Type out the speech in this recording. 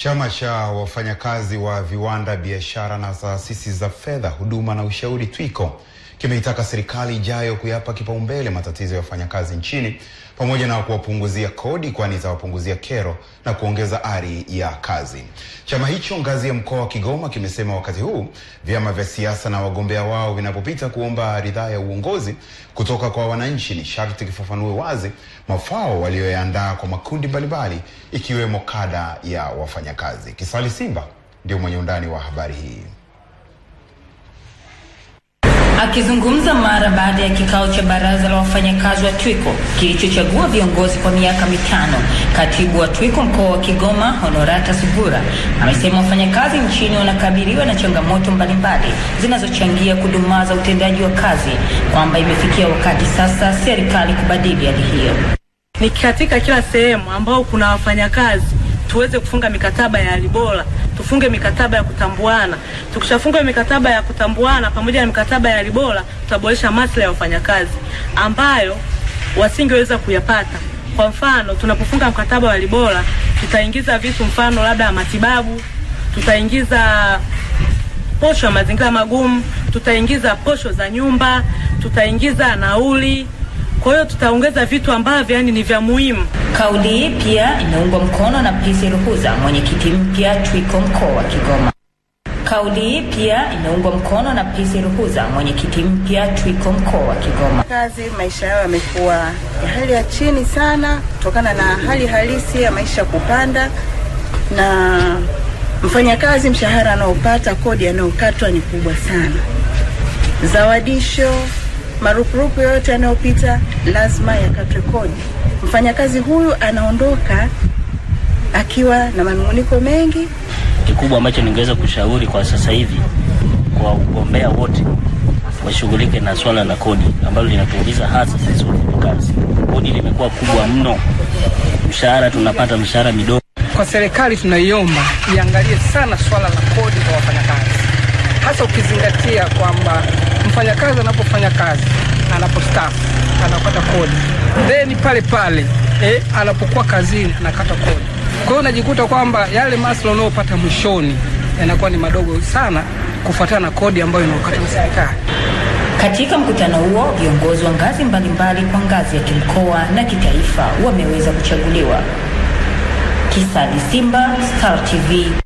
Chama cha wafanyakazi wa viwanda, biashara na taasisi za fedha, huduma na ushauri TWICO kimeitaka serikali ijayo kuyapa kipaumbele matatizo ya wafanyakazi nchini pamoja na kuwapunguzia kodi, kwani itawapunguzia kero na kuongeza ari ya kazi. Chama hicho ngazi ya mkoa wa Kigoma kimesema wakati huu vyama vya siasa na wagombea wao vinapopita kuomba ridhaa ya uongozi kutoka kwa wananchi, ni sharti kifafanue wazi mafao walioyaandaa kwa makundi mbalimbali, ikiwemo kada ya wafanyakazi. Kisali Simba ndio mwenye undani wa habari hii. Akizungumza mara baada ya kikao cha baraza la wafanyakazi wa twiko kilichochagua viongozi kwa miaka mitano, katibu wa twiko mkoa wa Kigoma Honorata Sugura amesema wafanyakazi nchini wanakabiliwa na changamoto mbalimbali zinazochangia kudumaza utendaji wa kazi, kwamba imefikia wakati sasa serikali kubadili hali hiyo. Ni katika kila sehemu ambao kuna wafanyakazi tuweze kufunga mikataba ya Alibola, tufunge mikataba ya kutambuana. Tukishafunga mikataba ya kutambuana pamoja na mikataba ya Alibola, tutaboresha maslahi ya wafanyakazi ambayo wasingeweza kuyapata. Kwa mfano, tunapofunga mkataba wa Alibola tutaingiza vitu, mfano labda matibabu, tutaingiza posho ya mazingira magumu, tutaingiza posho za nyumba, tutaingiza nauli kwa hiyo tutaongeza vitu ambavyo yani ni vya muhimu. Kauli hii pia imeungwa mkono na Pisi Ruhuza, mwenyekiti mpya Twiko mkoa wa Kigoma. Kauli hii pia imeungwa mkono na Pisi Ruhuza, mwenyekiti mpya Twiko mkoa wa Kigoma. Kazi maisha yao yamekuwa ya hali ya chini sana kutokana na hali halisi ya maisha kupanda na mfanyakazi mshahara anaopata, kodi anayokatwa ni kubwa sana, zawadisho marupurupu yoyote yanayopita lazima yakatwe kodi. Mfanyakazi huyu anaondoka akiwa na manunguniko mengi. Kikubwa ambacho ningeweza kushauri kwa sasa hivi kwa ugombea wote washughulike na swala la kodi ambalo linatuuliza hasa sisi wafanyakazi. Kodi limekuwa kubwa mno, mshahara tunapata mshahara midogo. Kwa serikali tunaiomba iangalie sana swala la kodi kwa wafanyakazi, hasa ukizingatia kwamba mfanyakazi anafanya kazi, anapostafu anapata kodi, then pale pale eh, anapokuwa kazini anakata kodi. Kwa hiyo unajikuta kwamba yale maslahi unayopata mwishoni yanakuwa ni madogo sana kufuatana na kodi ambayo inaokata serikali. Katika mkutano huo viongozi wa ngazi mbalimbali kwa ngazi ya kimkoa na kitaifa wameweza kuchaguliwa. Kisadi Simba, Star TV.